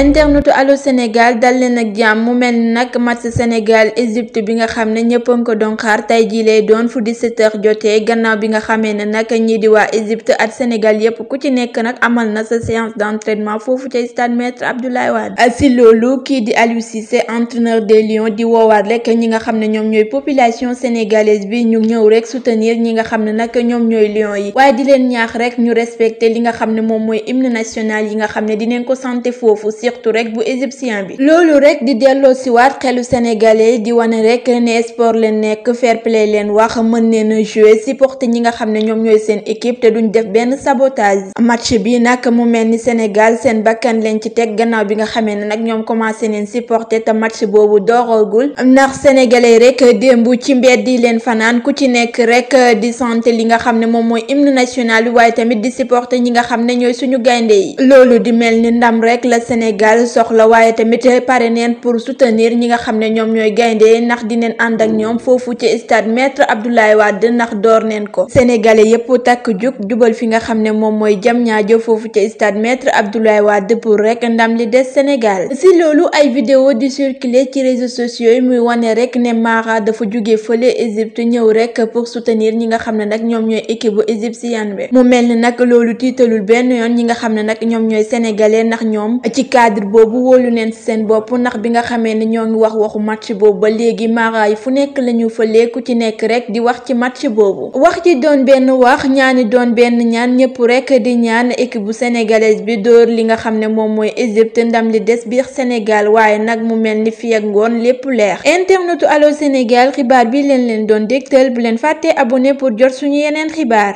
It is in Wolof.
internetu allo Sénégal dal leen ak jàmm mel ni nag match Sénégal Égypte bi nga xam ne ñëpp a ko doon xaar tey jii lay doon fu 17h jotee gannaaw bi nga xamee ne nag ñii di waa Égypte ak Sénégal yépp ku ci nekk nag amal na sa séance d'entraînement foofu ca stade maître Abdoulaye Wade. Ah, si loolu kii di Aliou Cissé entraîneur des Lions di woowaat rek ñi nga xam ne ñoom ñooy population sénégalaise bi ñu ñëw rek soutenir ñi nga xam ne nag ñoom ñooy Lions yi waaye di leen ñaax rek ñu respecté li nga xam ne moom mooy hymne national yi nga xam ne dinañ ko santé foofu. surtout rek bu égyptien bi loolu rek di delloo siwaat xelu sénégalais di wane rek ne sport leen nekk fair play leen wax mën neen a jouer supporter ñi nga xam ne ñoom ñooy seen équipe te duñ benn sabotage match bi nag mu mel ni Sénégal seen bakkan leen ci teg gannaaw bi nga xamee ne nag ñoom commencé neen supporter te match boobu dooragul ndax sénégalais rek démb ci mbedd yi leen fanaan ku ci nekk rek di sante li nga xam ne moom mooy hymne national bi waaye tamit di supporter ñi nga xam ne ñooy suñu gaynde yi loolu di mel ni ndam rek la Sénégal Sénégal soxla waaye tamit pare neen pour soutenir ñi nga xam ne ñoom ñooy gayndee ndax dineen ànd ak ñoom foofu ci stade maître Abdoulaye Wade ndax door neen ko sénégalais yépp takk jug jubal fi nga xam ne moom mooy jam ñaajo foofu ci stade maître Abdoulaye Wade pour rek ndam li des Sénégal si loolu ay vidéo di circuler ci réseaux sociaux yi muy wane rek ne Mara dafa jóge fële Égypte ñëw rek pour soutenir ñi nga xam ne nag ñoom ñooy équipe bu égyptienne bi mu mel ni nag loolu tiitalul ñi nga xam ne nag ñoom ñooy sénégalais cadre boobu wóolu neen seen bopp ndax bi nga xamee ne ñoo ngi wax waxu match boobu ba léegi mara yi fu nekk lañu fa léeku ci nekk rekk di wax ci match boobu wax ci doon benn wax ñaani doon benn ñaan ñëpp rekk di ñaan équipe bu sénégalaise bi dóor li nga xam ne moom mooy Égypte ndam li des biir Sénégal waaye nag mu mel ni fi ak ngoon lépp leex internetu Allô Sénégal xibaar bi leen leen doon dégtal bu leen fàtte abonné pour jot suñu yeneen xibaar